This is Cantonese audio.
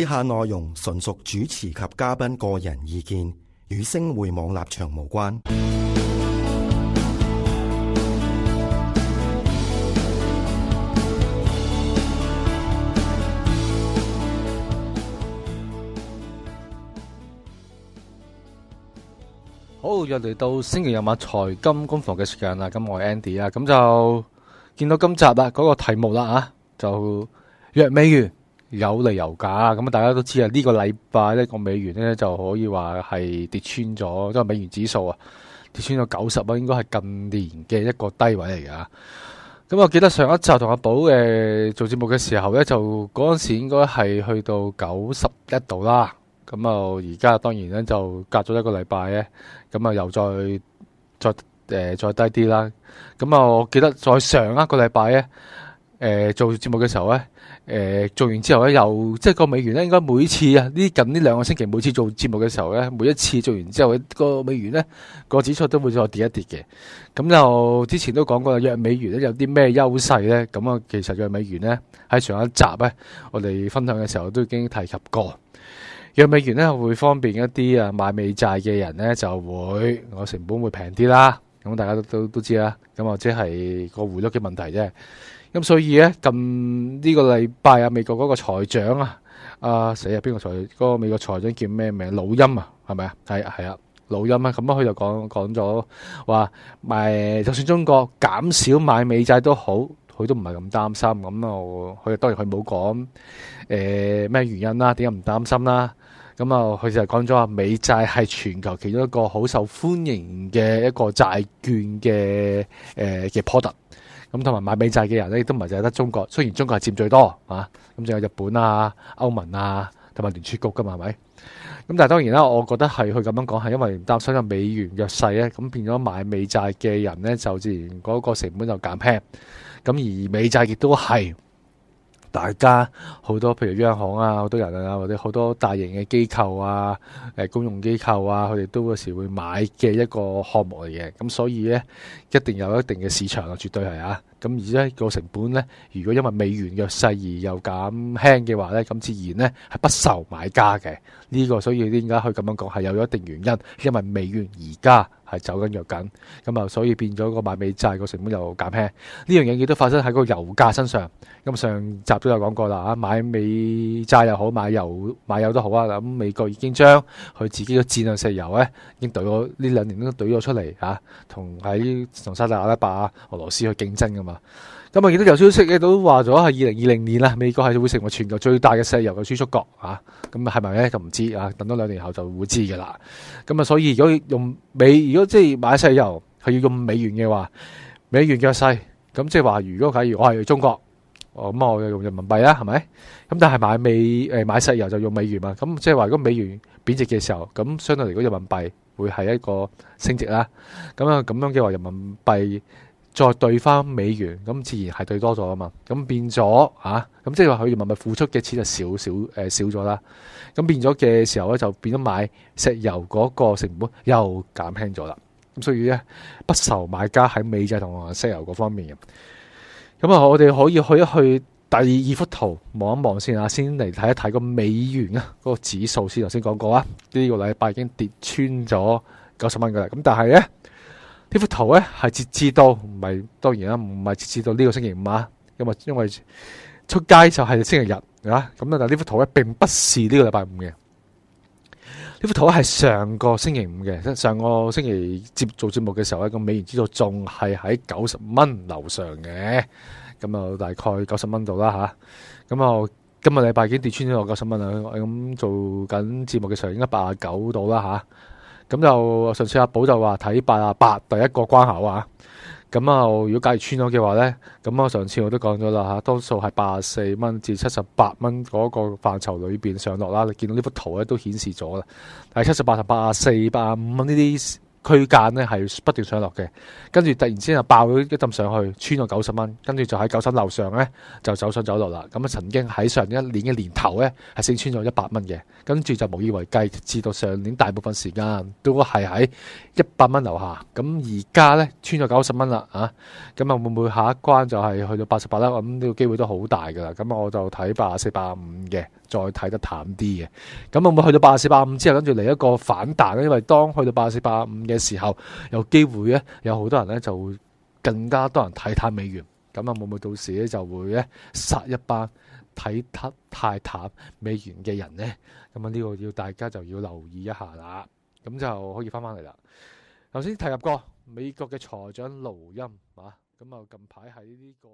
以下內容純屬主持及嘉賓個人意見，與星匯網立場無關。好，又嚟到星期日晚財金工房嘅時間啦！咁我 Andy 啊，咁就見到今集啊嗰個題目啦啊，就弱美元。有利油價咁啊！大家都知啊，呢、呢個禮拜呢、呢個美元呢就可以話係跌穿咗，即係美元指數啊跌穿咗九十啊，應該係近年嘅一個低位嚟㗎。咁我記得上一集同阿寶嘅、呃、做節目嘅時候呢，就嗰陣時應該係去到九十一度啦。咁啊，而家當然呢，就隔咗一個禮拜呢，咁啊又再再、呃、再低啲啦。咁啊，我記得再上一個禮拜呢。誒、呃、做節目嘅時候呢，誒、呃、做完之後呢，又即係個美元呢，應該每次啊，呢近呢兩個星期每次做節目嘅時候呢，每一次做完之後個美元呢，個指數都會再跌一跌嘅。咁就之前都講過，弱美元呢有啲咩優勢呢？咁啊，其實弱美元呢，喺上一集呢，我哋分享嘅時候都已經提及過。弱美元呢會方便一啲啊買美債嘅人呢就會我成本會平啲啦。咁大家都都知啦。咁或者係個匯率嘅問題啫。咁所以咧，近呢個禮拜啊，美國嗰個財長啊，啊死啊，邊個財？嗰個美國財長叫咩名？老陰啊，係咪啊？係係啊，魯音啊。咁啊，佢就講講咗話，咪就算中國減少買美債都好，佢都唔係咁擔心咁咯。佢當然佢冇講誒咩原因啦，點解唔擔心啦？咁啊，佢就講咗話，美債係全球其中一個好受歡迎嘅一個債券嘅誒嘅 product。咁同埋買美債嘅人咧，亦都唔係淨係得中國，雖然中國係佔最多啊，咁仲有日本啊、歐盟啊，同埋聯儲局㗎嘛，係咪？咁但係當然啦，我覺得係佢咁樣講係因為擔心個美元弱勢咧，咁變咗買美債嘅人咧就自然嗰個成本就減輕，咁而美債亦都係。.大家好多譬如央行啊，好多人啊，或者好多大型嘅機構啊，誒、呃、公用機構啊，佢哋都有時會買嘅一個項目嚟嘅，咁所以咧一定有一定嘅市場啊，絕對係啊！咁而家個成本呢，如果因為美元弱勢而又減輕嘅話呢咁自然呢係不愁買家嘅呢個。所以點解佢咁樣講係有一定原因，因為美元而家係走緊弱緊，咁啊所以變咗個買美債個成本又減輕。呢樣嘢亦都發生喺個油價身上。咁上集都有講過啦，嚇買美債又好，買油買油都好啊。咁美國已經將佢自己嘅戰略石油呢，已經懟咗呢兩年都懟咗出嚟嚇，同喺同沙特阿拉伯啊、俄羅斯去競爭噶嘛。咁啊，見、嗯、到有消息咧，都話咗係二零二零年啦，美國係會成為全球最大嘅石油嘅輸出國啊。咁係咪咧就唔知啊？等多兩年後就會知噶啦。咁、嗯、啊、嗯嗯嗯嗯，所以如果用美，如果即係買石油係要用美元嘅話，美元弱勢，咁、嗯、即係話，如果假如我係中國，咁、哦嗯、我就用人民幣啦，係咪？咁、嗯、但係買美誒買石油就用美元嘛。咁、嗯、即係話，如果美元貶值嘅時候，咁、嗯、相對嚟嗰人民幣會係一個升值啦。咁、嗯、啊，咁樣嘅話，人民幣。再兌翻美元，咁自然係兌多咗啊嘛，咁變咗啊，咁即係話佢物咪付出嘅錢就少少誒、呃、少咗啦，咁變咗嘅時候咧就變咗買石油嗰個成本又減輕咗啦，咁所以咧不愁買家喺美債同石油嗰方面嘅，咁啊我哋可以去一去第二幅圖望一望先啊，先嚟睇一睇個美元啊，嗰個指數先頭先講過啊，呢個禮拜已經跌穿咗九十蚊噶啦，咁但係咧。呢幅圖咧係截止到唔係當然啦，唔係截止到呢個星期五啊。咁因為出街就係星期日啊。咁啊，但呢幅圖咧並不是呢個禮拜五嘅。呢幅圖係上個星期五嘅，即上個星期接做節目嘅時候咧，個美元指數仲係喺九十蚊樓上嘅。咁啊，大概九十蚊度啦吓。咁啊，今日禮拜已經跌穿咗九十蚊啦。咁做緊節目嘅時候應該八十九度啦吓。咁就上次阿寶就話睇八十八，第一個關口啊。咁啊，如果假如穿咗嘅話呢，咁啊上次我都講咗啦吓，多數係八十四蚊至七十八蚊嗰個範疇裏邊上落啦，你見到呢幅圖咧都顯示咗啦，但係七十八、八十四、八十五蚊呢啲。區間呢係不斷上落嘅，跟住突然之間就爆咗一浸上去，穿咗九十蚊，跟住就喺九十樓上呢，就走上走落啦。咁啊曾經喺上一年嘅年頭呢，係升穿咗一百蚊嘅，跟住就無以為繼，至到上年大部分時間都係喺一百蚊樓下。咁而家呢，穿咗九十蚊啦，啊咁啊會唔會下一關就係去到八十八啦？咁呢個機會都好大噶啦。咁我就睇八四八五嘅，再睇得淡啲嘅。咁會唔會去到八四八五之後，跟住嚟一個反彈呢，因為當去到八四八五。嘅時候，有機會咧，有好多人咧就更加多人睇淡美元，咁啊，會唔會到時咧就會咧殺一班睇得太淡美元嘅人咧？咁啊，呢個要大家就要留意一下啦。咁就可以翻翻嚟啦。頭先提及過美國嘅財長盧欽啊，咁啊，近排喺呢個。